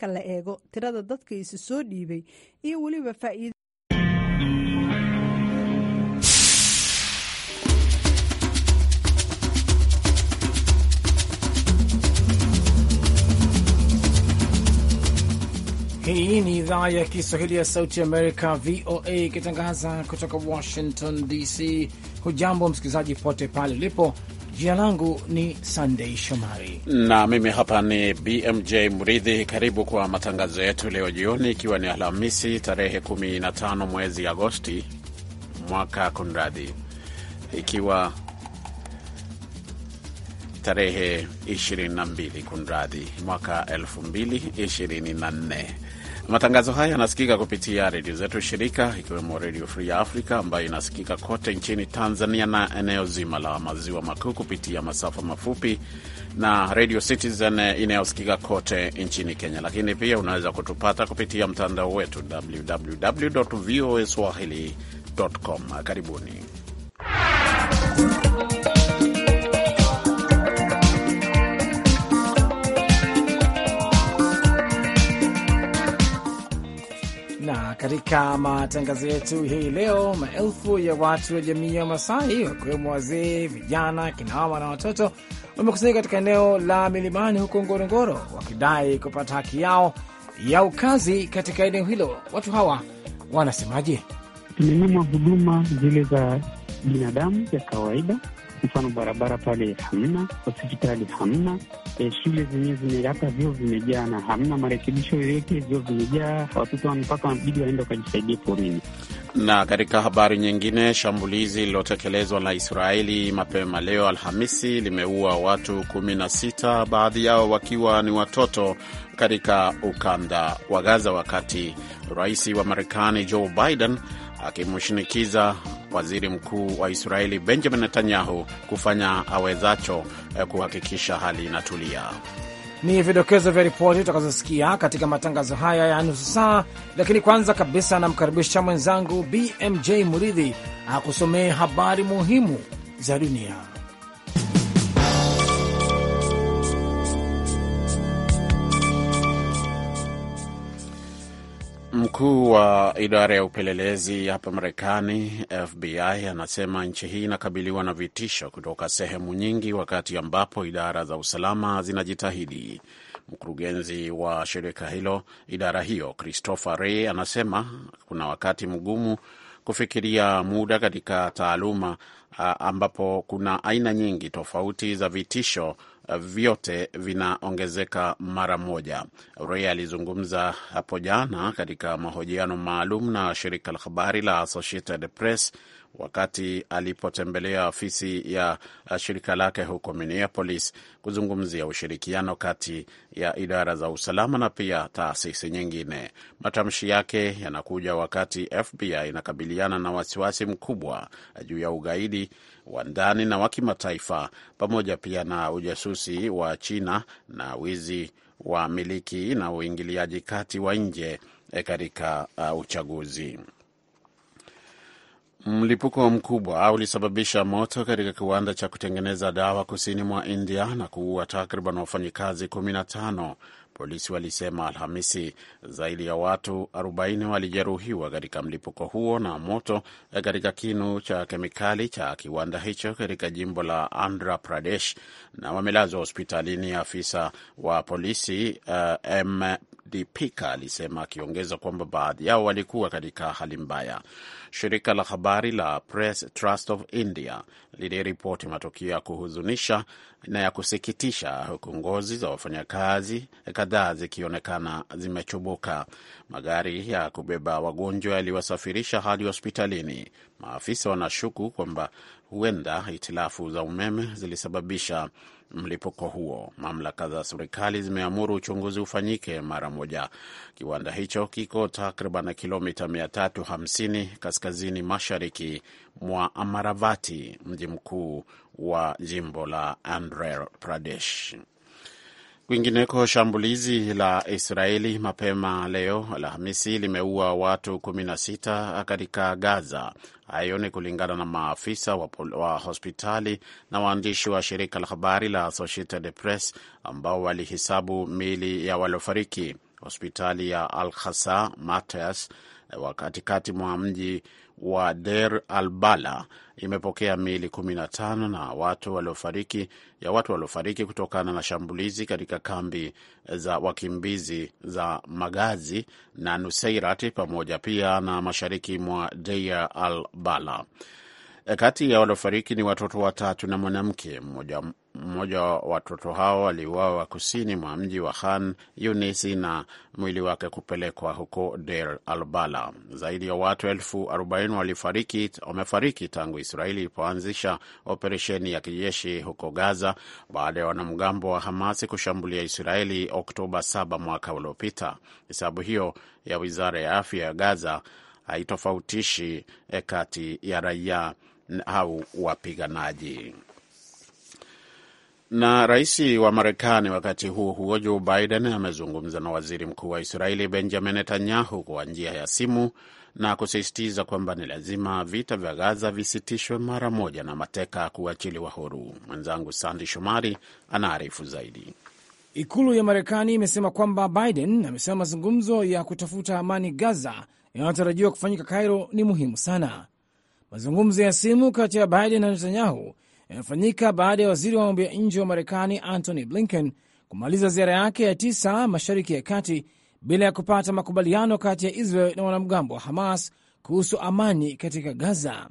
marka la eego tirada dadka isu soo dhiibay iyo weliba faa'iida Hii ni idhaa ya Kiswahili ya Sauti Amerika, VOA, ikitangaza kutoka Washington DC. Hujambo msikilizaji pote pale ulipo. Jina langu ni Sandei Shomari na mimi hapa ni BMJ Mridhi. Karibu kwa matangazo yetu leo jioni, ikiwa ni Alhamisi tarehe 15 mwezi Agosti mwaka kunradhi, ikiwa tarehe 22 kunradhi, mwaka 2024 Matangazo haya yanasikika kupitia redio zetu shirika, ikiwemo Redio Free Africa ambayo inasikika kote nchini Tanzania na eneo zima la maziwa makuu kupitia masafa mafupi na Radio Citizen inayosikika kote nchini Kenya. Lakini pia unaweza kutupata kupitia mtandao wetu www voa swahili com. Karibuni Katika matangazo yetu hii leo, maelfu ya watu wa jamii ya Masai wakiwemo wazee, vijana, kinamama na watoto wamekusanyika katika eneo la milimani huko Ngorongoro wakidai kupata haki yao ya ukazi katika eneo hilo. Watu hawa wanasemaje? Tumenyimwa huduma zile za binadamu ya kawaida Mfano, barabara pale hamna, hospitali hamna, e, shule zenyewe zime hata vyoo vimejaa na hamna marekebisho yoyote, vyoo vimejaa, watoto mpaka wanabidi waenda wakajisaidia porini. Na katika habari nyingine, shambulizi lililotekelezwa na Israeli mapema leo Alhamisi limeua watu kumi na sita, baadhi yao wakiwa ni watoto katika ukanda wa Gaza, wakati rais wa Marekani Joe Biden akimshinikiza waziri mkuu wa Israeli Benjamin Netanyahu kufanya awezacho eh, kuhakikisha hali inatulia. Ni vidokezo vya ripoti utakazosikia katika matangazo haya ya nusu saa, lakini kwanza kabisa namkaribisha mwenzangu BMJ Muridhi akusomee habari muhimu za dunia. Mkuu wa idara ya upelelezi hapa Marekani, FBI, anasema nchi hii inakabiliwa na vitisho kutoka sehemu nyingi, wakati ambapo idara za usalama zinajitahidi. Mkurugenzi wa shirika hilo, idara hiyo, Christopher Ray, anasema kuna wakati mgumu kufikiria muda katika taaluma ambapo kuna aina nyingi tofauti za vitisho vyote vinaongezeka mara moja. Ray alizungumza hapo jana katika mahojiano maalum na shirika la habari la Associated Press wakati alipotembelea ofisi ya uh, shirika lake huko Minneapolis kuzungumzia ushirikiano kati ya idara za usalama na pia taasisi nyingine. Matamshi yake yanakuja wakati FBI inakabiliana na wasiwasi mkubwa juu ya ugaidi wa ndani na wa kimataifa, pamoja pia na ujasusi wa China na wizi wa miliki na uingiliaji kati wa nje eh, katika uh, uchaguzi. Mlipuko mkubwa ulisababisha moto katika kiwanda cha kutengeneza dawa kusini mwa India na kuua takriban wafanyikazi 15, polisi walisema Alhamisi. Zaidi ya watu 40 walijeruhiwa katika mlipuko huo na moto katika kinu cha kemikali cha kiwanda hicho katika jimbo la Andhra Pradesh na wamelazwa hospitalini. Afisa wa polisi uh, M Deepika alisema, akiongeza kwamba baadhi yao walikuwa katika hali mbaya. Shirika la habari la Press Trust of India liliripoti matukio ya kuhuzunisha na ya kusikitisha, huku ngozi za wafanyakazi kadhaa zikionekana zimechubuka. Magari ya kubeba wagonjwa yaliwasafirisha hadi hospitalini. Maafisa wanashuku kwamba huenda hitilafu za umeme zilisababisha mlipuko huo. Mamlaka za serikali zimeamuru uchunguzi ufanyike mara moja. Kiwanda hicho kiko takriban kilomita 350 kaskazini mashariki mwa Amaravati, mji mkuu wa jimbo la Andhra Pradesh. Kwingineko, shambulizi la Israeli mapema leo Alhamisi limeua watu 16 katika Gaza. Hayo ni kulingana na maafisa wa, wa hospitali na waandishi wa shirika la habari la Associated Press ambao walihisabu mili ya waliofariki. Hospitali ya Al Khasa mates eh, wa katikati mwa mji wa Der Albala imepokea miili 15 na watu waliofariki ya watu waliofariki kutokana na shambulizi katika kambi za wakimbizi za Magazi na Nuseirat pamoja pia na mashariki mwa Deir al Bala. Eh, kati ya waliofariki ni watoto watatu na mwanamke mmoja. Mmoja wa watoto hao aliuawa kusini mwa mji wa Khan Yunis na mwili wake kupelekwa huko Deir al Zaidi ya watu elfu arobaini walifariki wamefariki tangu Israeli ilipoanzisha operesheni ya kijeshi huko Gaza baada ya wanamgambo wa Hamasi kushambulia Israeli Oktoba 7 mwaka uliopita. Hesabu hiyo ya wizara ya afya ya Gaza haitofautishi eh, kati ya raia au wapiganaji. Na rais wa Marekani wakati huo huo, Joe Biden amezungumza na waziri mkuu wa Israeli Benjamin Netanyahu kwa njia ya simu na kusisitiza kwamba ni lazima vita vya Gaza visitishwe mara moja na mateka kuachiliwa huru. Mwenzangu Sandi Shomari anaarifu zaidi. Ikulu ya Marekani imesema kwamba Biden amesema mazungumzo ya kutafuta amani Gaza yanayotarajiwa kufanyika Cairo ni muhimu sana. Mazungumzo ya simu kati ya Biden na Netanyahu yamefanyika baada ya waziri wa mambo ya nje wa Marekani Antony Blinken kumaliza ziara yake ya tisa mashariki ya kati bila ya kupata makubaliano kati ya Israel na wanamgambo wa Hamas kuhusu amani katika Gaza.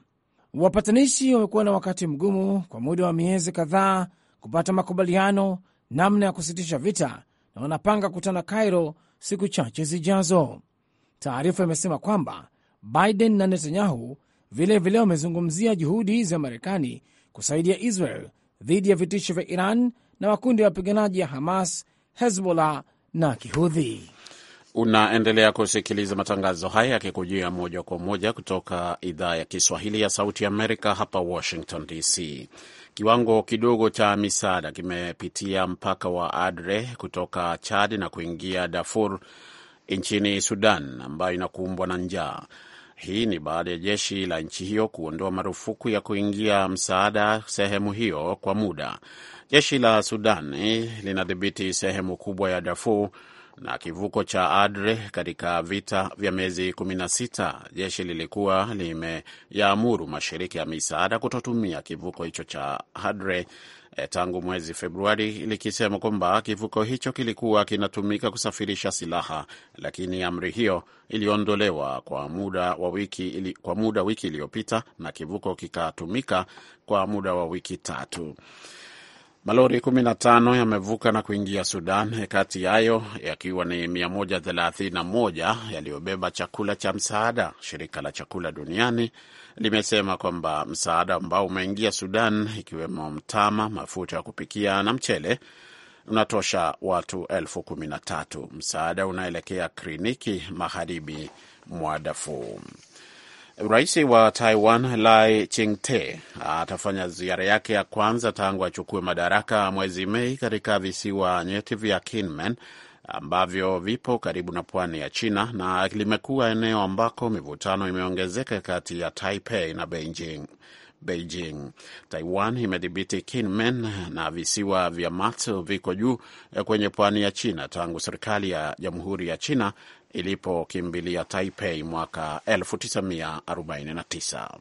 Wapatanishi wamekuwa na wakati mgumu kwa muda wa miezi kadhaa kupata makubaliano namna ya kusitisha vita na wanapanga kutana Cairo siku chache zijazo. Taarifa imesema kwamba Biden na Netanyahu vilevile wamezungumzia juhudi za Marekani kusaidia Israel dhidi ya vitisho vya Iran na makundi ya wapiganaji ya Hamas, Hezbollah na Kihudhi. Unaendelea kusikiliza matangazo haya yakikujia moja kwa moja kutoka idhaa ya Kiswahili ya Sauti Amerika, hapa Washington DC. Kiwango kidogo cha misaada kimepitia mpaka wa Adre kutoka Chad na kuingia Darfur nchini Sudan ambayo inakumbwa na njaa. Hii ni baada ya jeshi la nchi hiyo kuondoa marufuku ya kuingia msaada sehemu hiyo kwa muda. Jeshi la Sudan eh, linadhibiti sehemu kubwa ya Darfur na kivuko cha Adre katika vita vya miezi 16, jeshi lilikuwa limeyaamuru mashirika ya misaada kutotumia kivuko hicho cha Adre eh, tangu mwezi Februari, likisema kwamba kivuko hicho kilikuwa kinatumika kusafirisha silaha, lakini amri hiyo iliondolewa kwa muda wa wiki ili, kwa muda wiki iliyopita na kivuko kikatumika kwa muda wa wiki tatu. Malori 15 yamevuka na kuingia Sudan, kati yayo yakiwa ni 131 yaliyobeba chakula cha msaada. Shirika la chakula duniani limesema kwamba msaada ambao umeingia Sudan, ikiwemo mtama, mafuta ya kupikia na mchele unatosha watu elfu kumi na tatu. Msaada unaelekea kliniki magharibi mwa Darfur. Rais wa Taiwan Lai Ching-te atafanya ziara yake ya kwanza tangu achukue madaraka mwezi Mei katika visiwa nyeti vya Kinmen ambavyo vipo karibu na pwani ya China na limekuwa eneo ambako mivutano imeongezeka kati ya Taipei na Beijing. Beijing. Taiwan imedhibiti Kinmen na visiwa vya Matsu viko juu kwenye pwani ya China tangu serikali ya Jamhuri ya China ilipokimbilia Taipei mwaka 1949.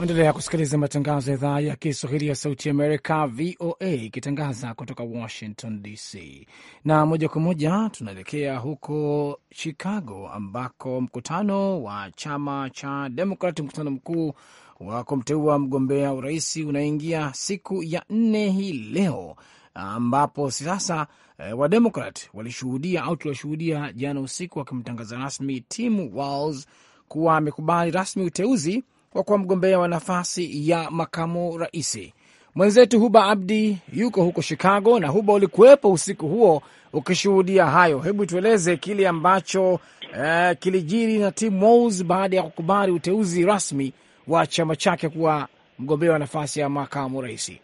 Endelea kusikiliza matangazo ya idhaa ya Kiswahili ya Sauti Amerika, VOA, ikitangaza kutoka Washington DC. Na moja kwa moja tunaelekea huko Chicago, ambako mkutano wa chama cha Demokrat, mkutano mkuu wa kumteua mgombea urais unaingia siku ya nne hii leo, ambapo sasa e, eh, Wademokrat walishuhudia au tuliwashuhudia jana usiku wakimtangaza rasmi Tim Walz kuwa amekubali rasmi uteuzi kwa kuwa mgombea wa nafasi ya makamu raisi. Mwenzetu Huba Abdi yuko huko Chicago, na Huba, ulikuwepo usiku huo ukishuhudia hayo. Hebu tueleze kile ambacho eh, kilijiri na Tim Walz baada ya kukubali uteuzi rasmi wa chama chake kuwa mgombea wa nafasi ya makamu raisi.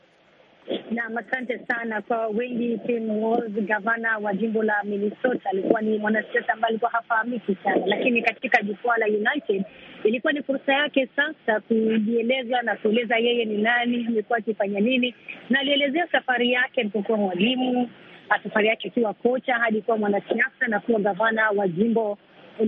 Naam, asante sana kwa wengi. Tim Walz, gavana wa jimbo la Minnesota, alikuwa ni mwanasiasa ambaye alikuwa hafahamiki sana, lakini katika jukwaa la United ilikuwa ni fursa yake sasa kujieleza na kueleza yeye ni nani, amekuwa akifanya nini, na alielezea safari yake alipokuwa mwalimu, safari yake akiwa kocha hadi kuwa mwanasiasa na kuwa gavana wa jimbo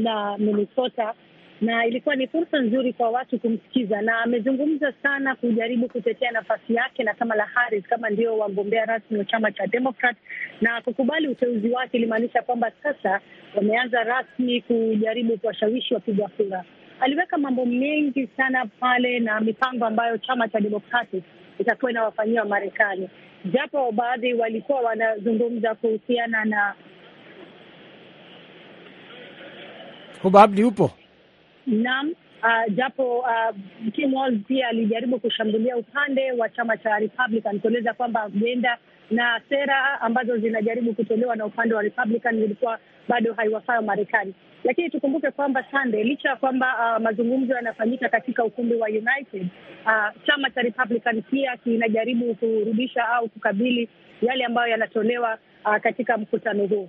la Minnesota na ilikuwa ni fursa nzuri kwa watu kumsikiza, na amezungumza sana kujaribu kutetea nafasi yake na Kamala Harris kama ndio wagombea rasmi wa chama cha Democrat, na kukubali uteuzi wake ilimaanisha kwamba sasa wameanza rasmi kujaribu kuwashawishi wapiga kura aliweka mambo mengi sana pale na mipango ambayo chama cha demokrati itakuwa inawafanyia Wamarekani, japo baadhi walikuwa wanazungumza kuhusiana na Hubabdi upo naam. Uh, japo uh, Walz pia alijaribu kushambulia upande wa chama cha Republican kueleza kwamba huenda na sera ambazo zinajaribu kutolewa na upande wa Republican zilikuwa bado haiwafaa Marekani. Lakini tukumbuke kwamba Sande, licha ya kwamba uh, mazungumzo yanafanyika katika ukumbi wa United, uh, chama cha Republican pia kinajaribu kurudisha au kukabili yale ambayo yanatolewa uh, katika mkutano huo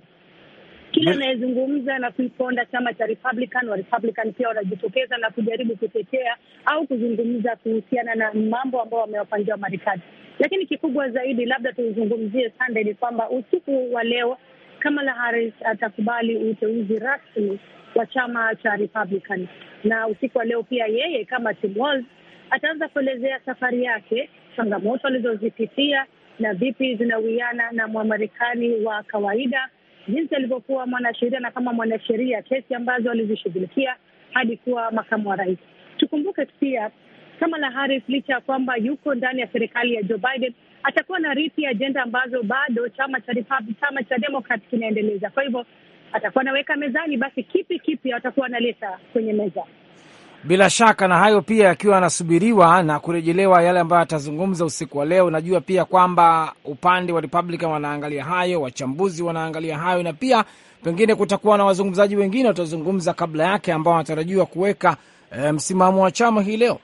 kila anayezungumza na kuiponda chama cha Republican, wa Republican pia wanajitokeza na kujaribu kutetea au kuzungumza kuhusiana na mambo ambayo wamewapangia Marekani. Lakini kikubwa zaidi, labda tuzungumzie Sunday, ni kwamba usiku wa leo Kamala Harris atakubali uteuzi rasmi wa chama cha Republican, na usiku wa leo pia yeye kama Tim Walz ataanza kuelezea safari yake, changamoto alizozipitia na vipi zinawiana na Mwamarekani wa kawaida jinsi alivyokuwa mwanasheria na kama mwanasheria kesi ambazo alizishughulikia hadi kuwa makamu wa rais. Tukumbuke pia Kamala Harris, licha ya kwamba yuko ndani ya serikali ya Joe Biden, atakuwa na rithi ajenda ambazo bado chama cha chama cha Demokrat kinaendeleza. Kwa hivyo atakuwa anaweka mezani, basi kipi kipi atakuwa analeta kwenye meza. Bila shaka na hayo pia yakiwa yanasubiriwa na kurejelewa yale ambayo atazungumza usiku wa leo. Najua pia kwamba upande wa Republican wanaangalia hayo, wachambuzi wanaangalia hayo, na pia pengine kutakuwa na wazungumzaji wengine watazungumza kabla yake ambao wanatarajiwa kuweka e, msimamo wa chama hii leo.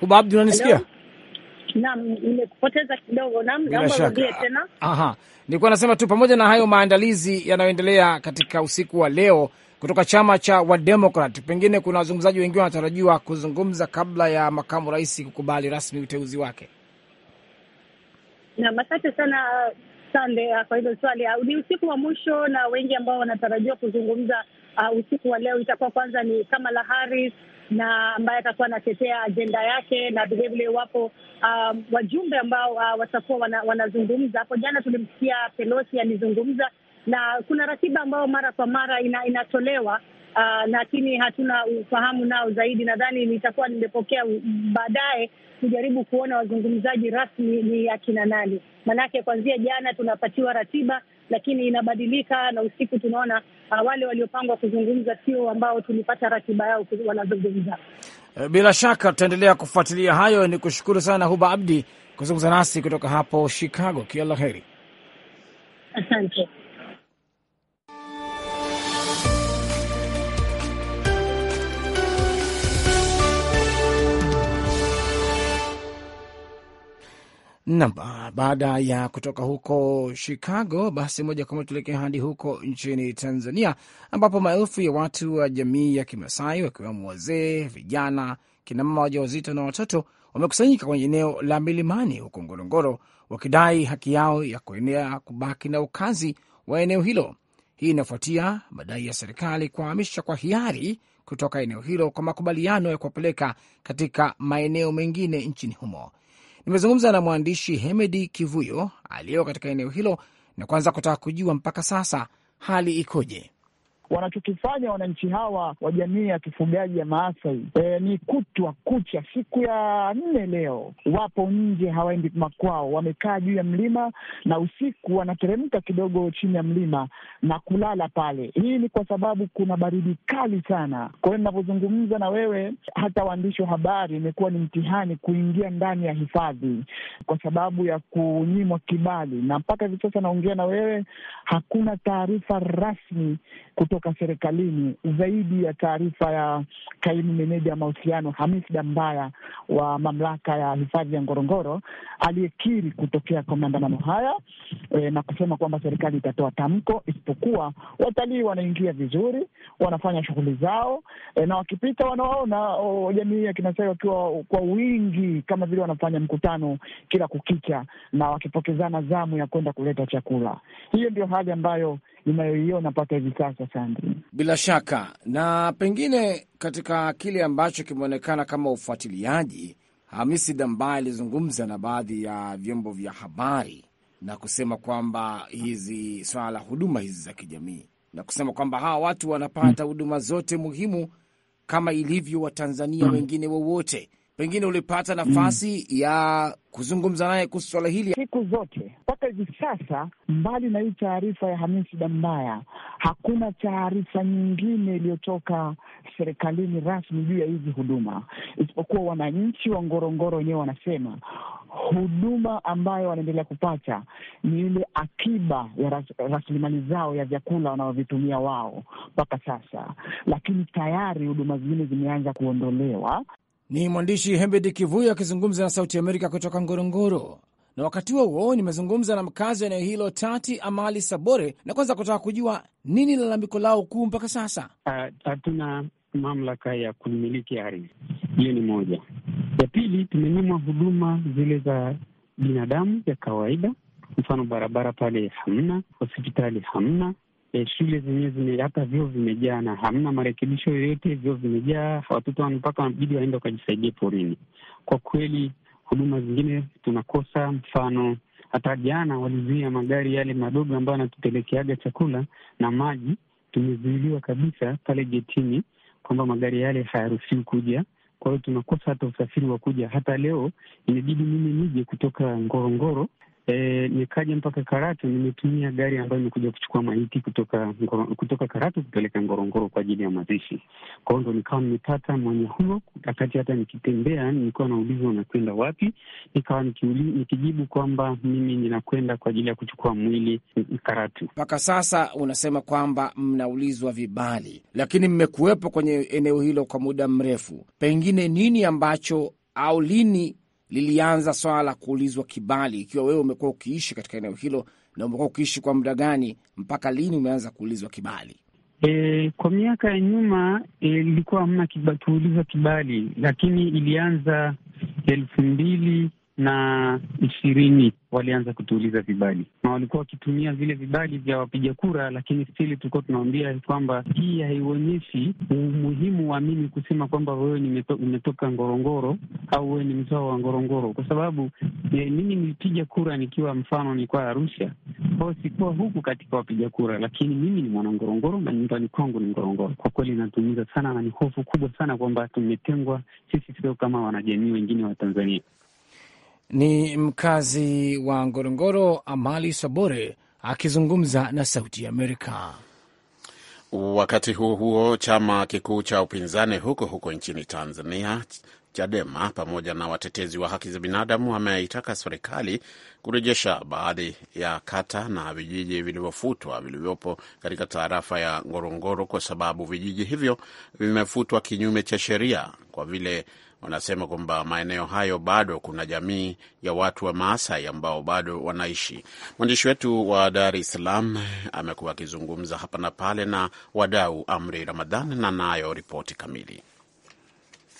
Huba unanisikia? Hello? Naam, nimekupoteza kidogo. Naam, tena. Aha, nilikuwa nasema tu, pamoja na hayo maandalizi yanayoendelea katika usiku wa leo kutoka chama cha Wademokrat, pengine kuna wazungumzaji wengine wanatarajiwa kuzungumza kabla ya makamu rais kukubali rasmi uteuzi wake. Naam, asante sana Sande kwa hilo swali. Ah, ni usiku wa mwisho na wengi ambao wanatarajiwa kuzungumza uh, usiku wa leo itakuwa kwanza ni Kamala Harris na ambaye atakuwa anatetea ajenda yake, na vilevile wapo um, wajumbe ambao uh, watakuwa wana, wanazungumza. Hapo jana tulimsikia Pelosi alizungumza, na kuna ratiba ambayo mara kwa mara ina, inatolewa uh, lakini uh, hatuna ufahamu nao zaidi. Nadhani nitakuwa nimepokea baadaye kujaribu kuona wazungumzaji rasmi ni akina nani, maanake kuanzia jana tunapatiwa ratiba lakini inabadilika, na usiku tunaona uh, wale waliopangwa kuzungumza sio ambao tulipata ratiba yao wanazungumza. Eh, bila shaka tutaendelea kufuatilia hayo. Ni kushukuru sana Huba Abdi kuzungumza nasi kutoka hapo Chicago. Kila la heri, asante. Na baada ya kutoka huko Chicago, basi moja kwa moja tuelekea hadi huko nchini Tanzania, ambapo maelfu ya watu wa jamii ya Kimasai wakiwemo wazee, vijana, kinamama wajawazito na watoto wamekusanyika kwenye eneo la milimani huko Ngorongoro wakidai haki yao ya kuenea kubaki na ukazi wa eneo hilo. Hii inafuatia madai ya serikali kuhamisha kwa hiari kutoka eneo hilo kwa makubaliano ya kuwapeleka katika maeneo mengine nchini humo. Nimezungumza na mwandishi Hemedi Kivuyo aliyeko katika eneo hilo na kwanza kutaka kujua mpaka sasa hali ikoje. Wanachokifanya wananchi hawa wa jamii ya kifugaji ya Maasai e, ni kutwa kucha, siku ya nne leo wapo nje, hawaendi makwao, wamekaa juu ya mlima, na usiku wanateremka kidogo chini ya mlima na kulala pale. Hii ni kwa sababu kuna baridi kali sana. Kwa hiyo ninavyozungumza na wewe, hata waandishi wa habari, imekuwa ni mtihani kuingia ndani ya hifadhi kwa sababu ya kunyimwa kibali, na mpaka hivi sasa naongea na wewe, hakuna taarifa rasmi kutoka serikalini. Zaidi ya taarifa ya kaimu meneja ya mahusiano Hamis Dambaya wa mamlaka ya hifadhi ya Ngorongoro aliyekiri kutokea kwa maandamano haya e, na kusema kwamba serikali itatoa tamko, isipokuwa watalii wanaingia vizuri, wanafanya shughuli zao e, na wakipita wanaona jamii ya Kimasai wakiwa kwa wingi, kama vile wanafanya mkutano kila kukicha, na wakipokezana zamu ya kwenda kuleta chakula. Hiyo ndio hali ambayo ninayoiona mpaka hivi sasa. Sandi, bila shaka, na pengine katika kile ambacho kimeonekana kama ufuatiliaji, Hamisi Dambaye alizungumza na baadhi ya vyombo vya habari na kusema kwamba hizi swala la huduma hizi za kijamii na kusema kwamba hawa watu wanapata mm. huduma zote muhimu kama ilivyo Watanzania mm. wengine wowote wa pengine ulipata mm. nafasi mm. ya kuzungumza naye kuhusu swala hili? Siku zote mpaka hivi sasa, mbali na hii taarifa ya Hamisi Dambaya, hakuna taarifa nyingine iliyotoka serikalini rasmi juu ya hizi huduma, isipokuwa wananchi wa Ngorongoro wenyewe wanasema huduma ambayo wanaendelea kupata ni ile akiba ya rasilimali zao ya vyakula wanaovitumia wao mpaka sasa, lakini tayari huduma zingine zimeanza kuondolewa. Ni mwandishi Hembedi Kivuyo akizungumza na Sauti Amerika kutoka Ngorongoro. Na wakati huo huo nimezungumza na mkazi wa eneo hilo Tati Amali Sabore, na kwanza kutaka kujua nini lalamiko lao kuu mpaka sasa. Ah, hatuna uh, mamlaka ya kumiliki ardhi, hiyo ni moja. Ya pili, tumenyimwa huduma zile za binadamu ya kawaida, mfano barabara pale hamna, hospitali hamna, e, shule zenyewe zime hata vyoo vimejaa na hamna marekebisho yoyote, vyoo vimejaa, watoto mpaka wanabidi waende wakajisaidia porini. Kwa kweli huduma zingine tunakosa, mfano hata jana walizuia magari yale madogo ambayo yanatupelekeaga chakula na maji, tumezuiliwa kabisa pale getini kwamba magari yale hayaruhusiwi kuja. Kwa hiyo tunakosa hata usafiri wa kuja. Hata leo imebidi mimi nije kutoka Ngorongoro E, nikaja mpaka Karatu, nimetumia gari ambayo imekuja kuchukua maiti kutoka kutoka Karatu kupeleka Ngorongoro kwa ajili ya mazishi. Kwa hiyo ndo nikawa nimepata mwanya huo, wakati hata nikitembea nilikuwa naulizwa nakwenda wapi, nikawa nikijibu kwamba mimi ninakwenda kwa ajili ya kuchukua mwili Karatu. Mpaka sasa unasema kwamba mnaulizwa vibali, lakini mmekuwepo kwenye eneo hilo kwa muda mrefu, pengine nini ambacho au lini lilianza swala la kuulizwa kibali, ikiwa wewe umekuwa ukiishi katika eneo hilo na umekuwa ukiishi kwa muda gani, mpaka lini umeanza kuulizwa kibali? E, kwa miaka ya nyuma e, ilikuwa e, hamna kuulizwa kibali, lakini ilianza elfu mbili na ishirini walianza kutuuliza vibali na walikuwa wakitumia vile vibali vya wapiga kura, lakini stili tulikuwa tunawambia kwamba hii haionyeshi umuhimu wa mimi kusema kwamba wewe umetoka Ngorongoro au wewe ni mzao wa Ngorongoro, kwa sababu eh, mimi nilipiga kura nikiwa mfano, nilikuwa Arusha kwao, sikuwa huku katika wapiga kura, lakini mimi ni mwana Ngorongoro na nyumbani kwangu ni Ngorongoro. Kwa kweli inatumiza sana na ni hofu kubwa sana kwamba tumetengwa sisi sio kama wanajamii wengine wa Tanzania. Ni mkazi wa Ngorongoro, Amali Sobore akizungumza na Sauti ya Amerika. Wakati huo huo, chama kikuu cha upinzani huko huko nchini Tanzania, Chadema, pamoja na watetezi wa haki za binadamu wameitaka serikali kurejesha baadhi ya kata na vijiji vilivyofutwa vilivyopo katika tarafa ya Ngorongoro, kwa sababu vijiji hivyo vimefutwa kinyume cha sheria kwa vile wanasema kwamba maeneo hayo bado kuna jamii ya watu wa Maasai ambao bado wanaishi. Mwandishi wetu wa Dar es Salaam amekuwa akizungumza hapa na pale na wadau. Amri Ramadhan na nayo ripoti kamili.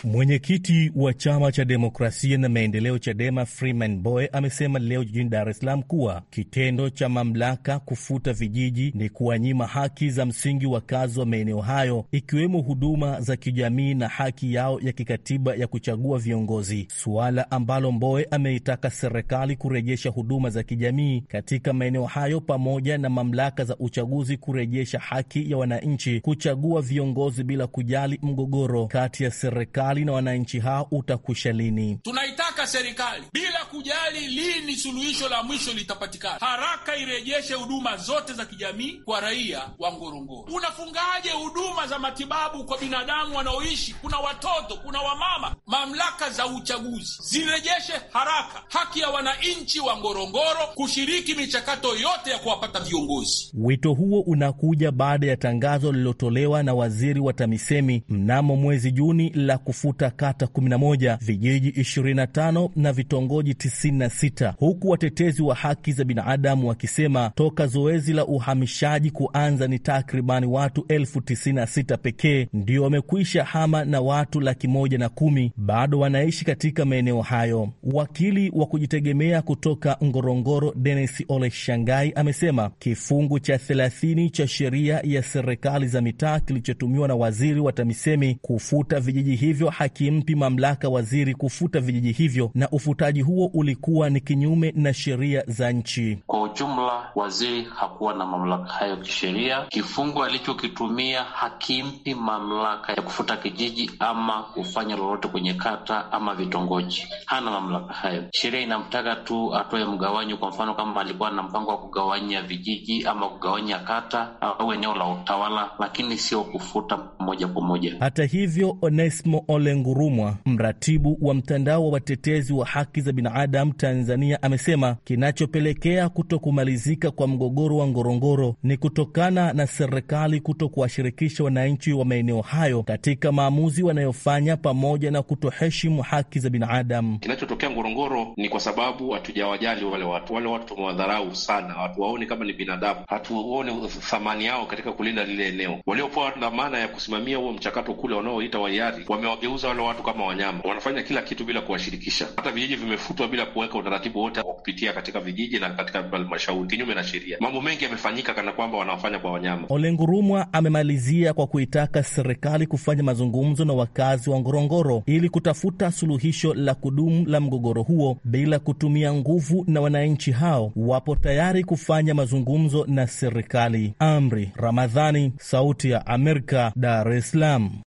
Mwenyekiti wa chama cha demokrasia na maendeleo CHADEMA Freeman Boy amesema leo jijini Dar es Salaam kuwa kitendo cha mamlaka kufuta vijiji ni kuwanyima haki za msingi wakazi wa maeneo hayo ikiwemo huduma za kijamii na haki yao ya kikatiba ya kuchagua viongozi, suala ambalo mboe ameitaka serikali kurejesha huduma za kijamii katika maeneo hayo pamoja na mamlaka za uchaguzi kurejesha haki ya wananchi kuchagua viongozi bila kujali mgogoro kati ya serikali serikali na wananchi hao utakwisha lini? Tunaitaka serikali bila kujali lini suluhisho la mwisho litapatikana, haraka irejeshe huduma zote za kijamii kwa raia wa Ngorongoro. Unafungaje huduma za matibabu kwa binadamu wanaoishi? Kuna watoto, kuna wamama. Mamlaka za uchaguzi zirejeshe haraka haki ya wananchi wa Ngorongoro kushiriki michakato yote ya kuwapata viongozi. Wito huo unakuja baada ya tangazo lililotolewa na waziri wa TAMISEMI mnamo mwezi Juni la kufuta kata 11, vijiji 25 na vitongoji 96, huku watetezi wa haki za binadamu wakisema toka zoezi la uhamishaji kuanza ni takribani watu elfu 96 pekee ndio wamekwisha hama na watu laki moja na kumi bado wanaishi katika maeneo hayo. Wakili wa kujitegemea kutoka Ngorongoro Denis Ole Shangai amesema kifungu cha 30 cha sheria ya serikali za mitaa kilichotumiwa na waziri wa TAMISEMI kufuta vijiji hivyo hivyo hakimpi mamlaka waziri kufuta vijiji hivyo, na ufutaji huo ulikuwa ni kinyume na sheria za nchi. Kwa ujumla, waziri hakuwa na mamlaka hayo kisheria. Kifungu alichokitumia hakimpi mamlaka ya kufuta kijiji ama kufanya lolote kwenye kata ama vitongoji, hana mamlaka hayo. Sheria inamtaka tu atoe mgawanyo. Kwa mfano, kama alikuwa na mpango wa kugawanya vijiji ama kugawanya kata au eneo la utawala, lakini sio kufuta moja kwa moja. Hata hivyo Onesmo Ole Ngurumwa, mratibu wa mtandao wa watetezi wa haki za binadamu Tanzania, amesema kinachopelekea kutokumalizika kwa mgogoro wa Ngorongoro ni kutokana na serikali kuto kuwashirikisha wananchi wa maeneo hayo katika maamuzi wanayofanya pamoja na kutoheshimu haki za binadamu. Kinachotokea Ngorongoro ni kwa sababu hatujawajali wale watu. Wale watu tumewadharau sana, hatuwaoni kama ni binadamu, hatuone thamani yao katika kulinda lile eneo. Waliopewa dhamana ya kusimamia huo mchakato kule wanaoita wayari wame kuwageuza wale watu kama wanyama. Wanafanya kila kitu bila kuwashirikisha. Hata vijiji vimefutwa bila kuweka utaratibu wote wa kupitia katika vijiji na katika halmashauri, kinyume na sheria. Mambo mengi yamefanyika kana kwamba wanawafanya kwa wanyama. Olengurumwa amemalizia kwa kuitaka serikali kufanya mazungumzo na wakazi wa Ngorongoro ili kutafuta suluhisho la kudumu la mgogoro huo bila kutumia nguvu, na wananchi hao wapo tayari kufanya mazungumzo na serikali. Amri Ramadhani, Sauti ya Amerika, Dar es Salaam.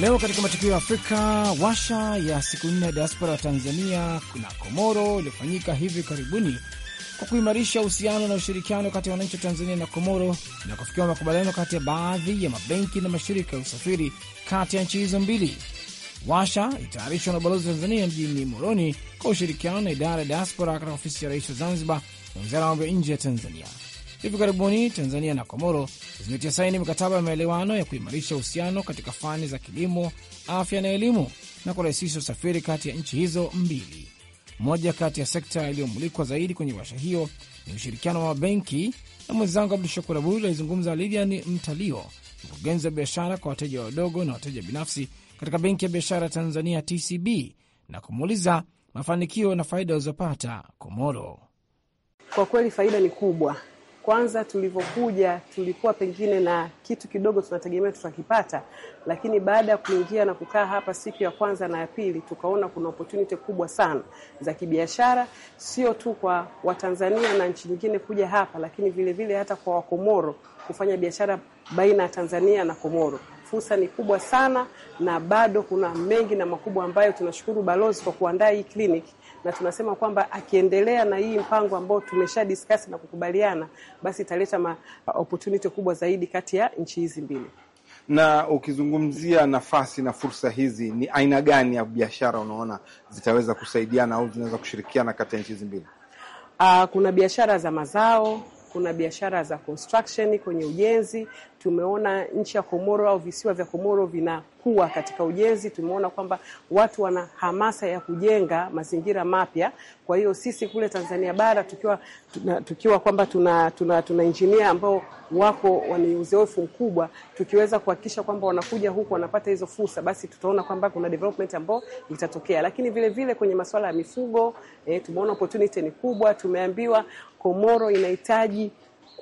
Leo katika matukio ya Afrika, washa ya siku nne ya diaspora ya Tanzania na Komoro iliyofanyika hivi karibuni kwa kuimarisha uhusiano na ushirikiano kati ya wananchi wa Tanzania na Komoro na kufikiwa makubaliano kati ya baadhi ya mabenki na mashirika ya usafiri kati ya nchi hizo mbili. Washa itayarishwa na ubalozi wa Tanzania mjini Moroni kwa ushirikiano na idara ya diaspora katika ofisi ya rais wa Zanzibar na wizara ya mambo ya nje ya Tanzania. Hivi karibuni Tanzania na Komoro zimetia saini mkataba ya maelewano ya kuimarisha uhusiano katika fani za kilimo, afya na elimu na kurahisisha usafiri kati ya nchi hizo mbili. Moja kati ya sekta iliyomulikwa zaidi kwenye warsha hiyo ni ushirikiano wa benki, na mwenzangu Abdu Shakur Abud alizungumza Lilian Mtalio, mkurugenzi wa biashara kwa wateja wadogo na wateja binafsi katika Benki ya Biashara Tanzania, TCB, na kumuuliza mafanikio na faida walizopata Komoro. Kwa kweli faida ni kubwa kwanza tulivyokuja tulikuwa pengine na kitu kidogo tunategemea tutakipata, lakini baada ya kuingia na kukaa hapa siku ya kwanza na ya pili, tukaona kuna opportunity kubwa sana za kibiashara, sio tu kwa Watanzania na nchi nyingine kuja hapa, lakini vile vile hata kwa Wakomoro kufanya biashara baina ya Tanzania na Komoro. Fursa ni kubwa sana, na bado kuna mengi na makubwa ambayo tunashukuru balozi kwa kuandaa hii kliniki na tunasema kwamba akiendelea na hii mpango ambao tumesha discuss na kukubaliana, basi italeta ma uh, opportunity kubwa zaidi kati ya nchi hizi mbili. Na ukizungumzia nafasi na fursa hizi, ni aina gani ya biashara unaona zitaweza kusaidiana au zinaweza kushirikiana kati ya nchi hizi mbili? Uh, kuna biashara za mazao kuna biashara za construction kwenye ujenzi Tumeona nchi ya Komoro au visiwa vya Komoro vinakuwa katika ujenzi. Tumeona kwamba watu wana hamasa ya kujenga mazingira mapya. Kwa hiyo sisi kule Tanzania bara tukiwa tuna, tukiwa kwamba tuna tuna, tuna injinia ambao wako wana uzoefu mkubwa, tukiweza kuhakikisha kwamba wanakuja huku wanapata hizo fursa, basi tutaona kwamba kuna development ambayo itatokea. Lakini vile vile kwenye masuala ya mifugo eh, tumeona opportunity ni kubwa. Tumeambiwa Komoro inahitaji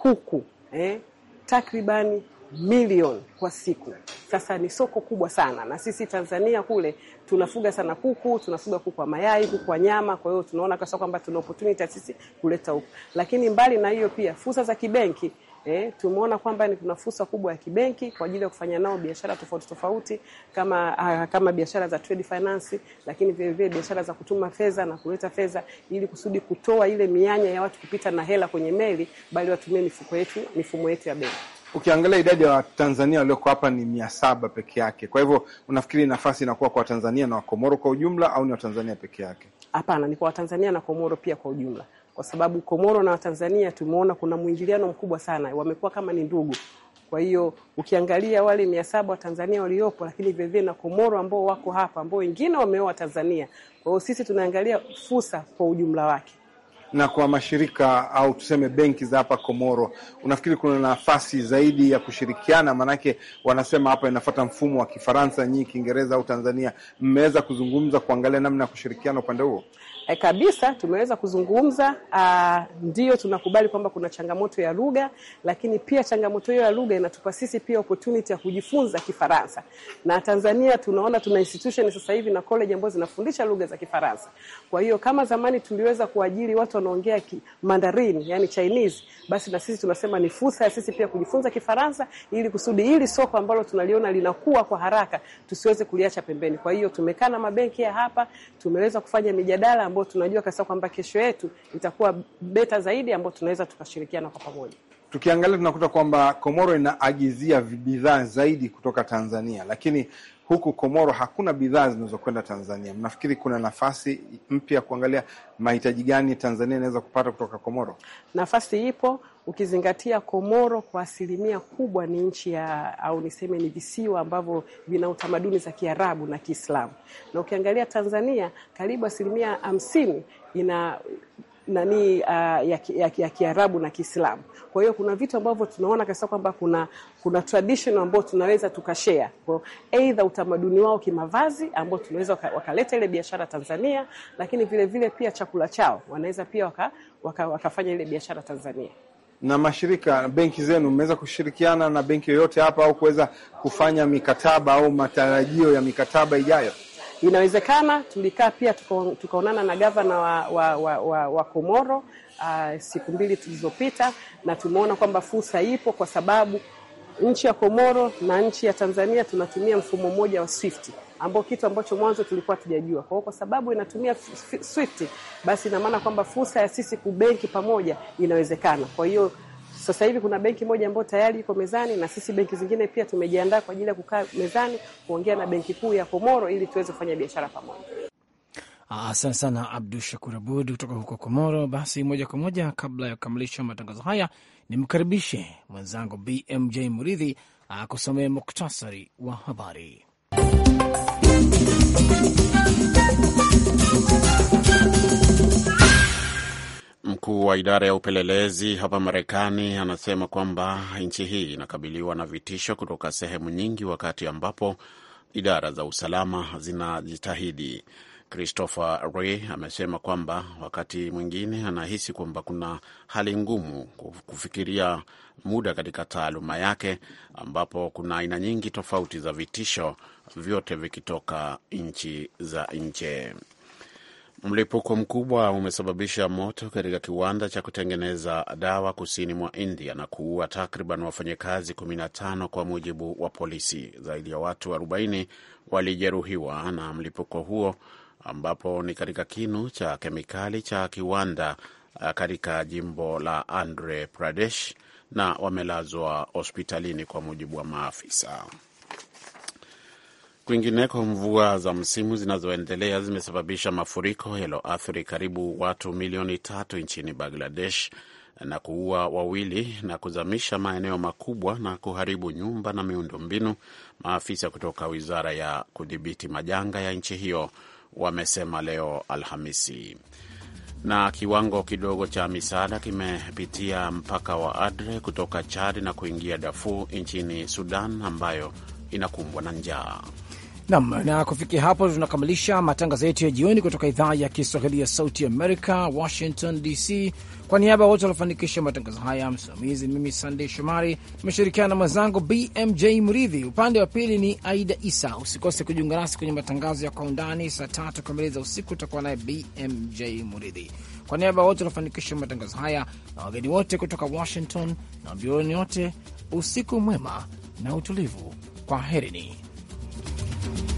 kuku eh, takribani milioni kwa siku. Sasa ni soko kubwa sana, na sisi Tanzania kule tunafuga sana kuku, tunafuga kuku wa mayai, kuku wa nyama. Kwa hiyo tunaona kwamba tuna opportunity sisi kuleta huku, lakini mbali na hiyo pia fursa za kibenki Eh, tumeona kwamba ni kuna fursa kubwa ya kibenki kwa ajili ya kufanya nao biashara tofauti tofauti kama uh, kama biashara za trade finance, lakini vile vile biashara za kutuma fedha na kuleta fedha, ili kusudi kutoa ile mianya ya watu kupita na hela kwenye meli, bali watumie mifuko yetu, mifumo yetu ya benki. Ukiangalia idadi ya Watanzania walioko hapa ni mia saba peke yake. Kwa hivyo unafikiri nafasi inakuwa kwa Watanzania na Wakomoro kwa ujumla au ni Watanzania peke yake? Hapana, ni kwa Watanzania na Komoro pia kwa ujumla kwa sababu Komoro na Tanzania tumeona kuna mwingiliano mkubwa sana, wamekuwa kama ni ndugu. Kwa hiyo ukiangalia wale mia saba wa Tanzania waliopo, lakini vilevile na Komoro ambao wako hapa, ambao wengine wameoa Tanzania. Kwa hiyo sisi tunaangalia fursa kwa ujumla wake. Na kwa mashirika au tuseme benki za hapa Komoro, unafikiri kuna nafasi zaidi ya kushirikiana? Maanake wanasema hapa inafuata mfumo wa Kifaransa, nyii Kiingereza au Tanzania. Mmeweza kuzungumza kuangalia namna ya kushirikiana upande huo? e, kabisa tumeweza kuzungumza a, ah, ndiyo tunakubali kwamba kuna changamoto ya lugha, lakini pia changamoto hiyo ya lugha inatupa sisi pia opportunity ya kujifunza Kifaransa na Tanzania tunaona tuna institution sasa hivi na college ambazo zinafundisha lugha za Kifaransa. Kwa hiyo kama zamani tuliweza kuajiri watu wanaongea Mandarin, yani Chinese, basi na sisi tunasema ni fursa ya sisi pia kujifunza Kifaransa ili kusudi hili soko ambalo tunaliona linakuwa kwa haraka tusiweze kuliacha pembeni. Kwa hiyo tumekaa na mabenki ya hapa, tumeweza kufanya mijadala ambao tunajua kabisa kwamba kesho yetu itakuwa beta zaidi, ambao tunaweza tukashirikiana kwa pamoja. Tukiangalia tunakuta kwamba Komoro inaagizia bidhaa zaidi kutoka Tanzania, lakini huku Komoro hakuna bidhaa zinazokwenda Tanzania. Mnafikiri kuna nafasi mpya kuangalia mahitaji gani Tanzania inaweza kupata kutoka Komoro? Nafasi ipo ukizingatia Komoro kwa asilimia kubwa ni nchi ya au niseme ni visiwa ambavyo vina utamaduni za Kiarabu na Kiislamu, na ukiangalia Tanzania karibu asilimia hamsini ina nani uh, ya, ya, ya Kiarabu na Kiislamu. Kwa hiyo kuna vitu ambavyo tunaona kasa kwamba kuna kuna tradition ambayo tunaweza tukashare. Kwa either utamaduni wao kimavazi ambao tunaweza wakaleta ile biashara Tanzania, lakini vile vile pia chakula chao wanaweza pia waka, waka, wakafanya ile biashara Tanzania. Na mashirika benki zenu mmeweza kushirikiana na benki yoyote hapa au kuweza kufanya mikataba au matarajio ya mikataba ijayo? Inawezekana tulikaa pia tukaonana na gavana wa, wa, wa, wa, wa Komoro uh, siku mbili tulizopita, na tumeona kwamba fursa ipo kwa sababu nchi ya Komoro na nchi ya Tanzania tunatumia mfumo mmoja wa Swift ambao kitu ambacho mwanzo tulikuwa tujajua. Kwa hiyo kwa sababu inatumia Swift, basi ina maana kwamba fursa ya sisi kubenki pamoja inawezekana. Kwa hiyo sasa hivi kuna benki moja ambayo tayari iko mezani na sisi benki zingine pia tumejiandaa kwa ajili ya kukaa mezani kuongea na benki kuu ya Komoro ili tuweze kufanya biashara pamoja. Ah, asante sana Abdu Shakur Abud kutoka huko Komoro. Basi moja kwa moja, kabla ya kukamilisha matangazo haya, nimkaribishe mwenzangu BMJ Muridhi akusomee muktasari wa habari. mkuu wa idara ya upelelezi hapa Marekani anasema kwamba nchi hii inakabiliwa na vitisho kutoka sehemu nyingi, wakati ambapo idara za usalama zinajitahidi. Christopher Rey amesema kwamba wakati mwingine anahisi kwamba kuna hali ngumu kufikiria muda katika taaluma yake, ambapo kuna aina nyingi tofauti za vitisho, vyote vikitoka nchi za nje. Mlipuko mkubwa umesababisha moto katika kiwanda cha kutengeneza dawa kusini mwa India na kuua takriban wafanyakazi 15 kwa mujibu wa polisi. Zaidi ya watu 40 walijeruhiwa na mlipuko huo, ambapo ni katika kinu cha kemikali cha kiwanda uh, katika jimbo la Andhra Pradesh, na wamelazwa hospitalini kwa mujibu wa maafisa. Kwingineko, mvua za msimu zinazoendelea zimesababisha mafuriko yaliyoathiri karibu watu milioni tatu nchini Bangladesh na kuua wawili na kuzamisha maeneo makubwa na kuharibu nyumba na miundombinu. Maafisa kutoka wizara ya kudhibiti majanga ya nchi hiyo wamesema leo Alhamisi. Na kiwango kidogo cha misaada kimepitia mpaka wa Adre kutoka Chad na kuingia Darfur nchini Sudan ambayo inakumbwa na njaa nam. Na kufikia hapo tunakamilisha matangazo yetu ya jioni kutoka idhaa ya Kiswahili ya Sauti Amerika, Washington DC. Kwa niaba ya wote waliofanikisha matangazo haya, msimamizi mimi Sandey Shomari, tumeshirikiana na mwenzangu BMJ Mridhi, upande wa pili ni Aida Isa. Usikose kujiunga nasi kwenye matangazo ya Kwa Undani saa tatu kamili za usiku, utakuwa naye BMJ Mridhi. Kwa niaba ya wote waliofanikisha matangazo haya na wageni wote kutoka Washington na wambioni wote, usiku mwema na utulivu. Kwaherini. Bye.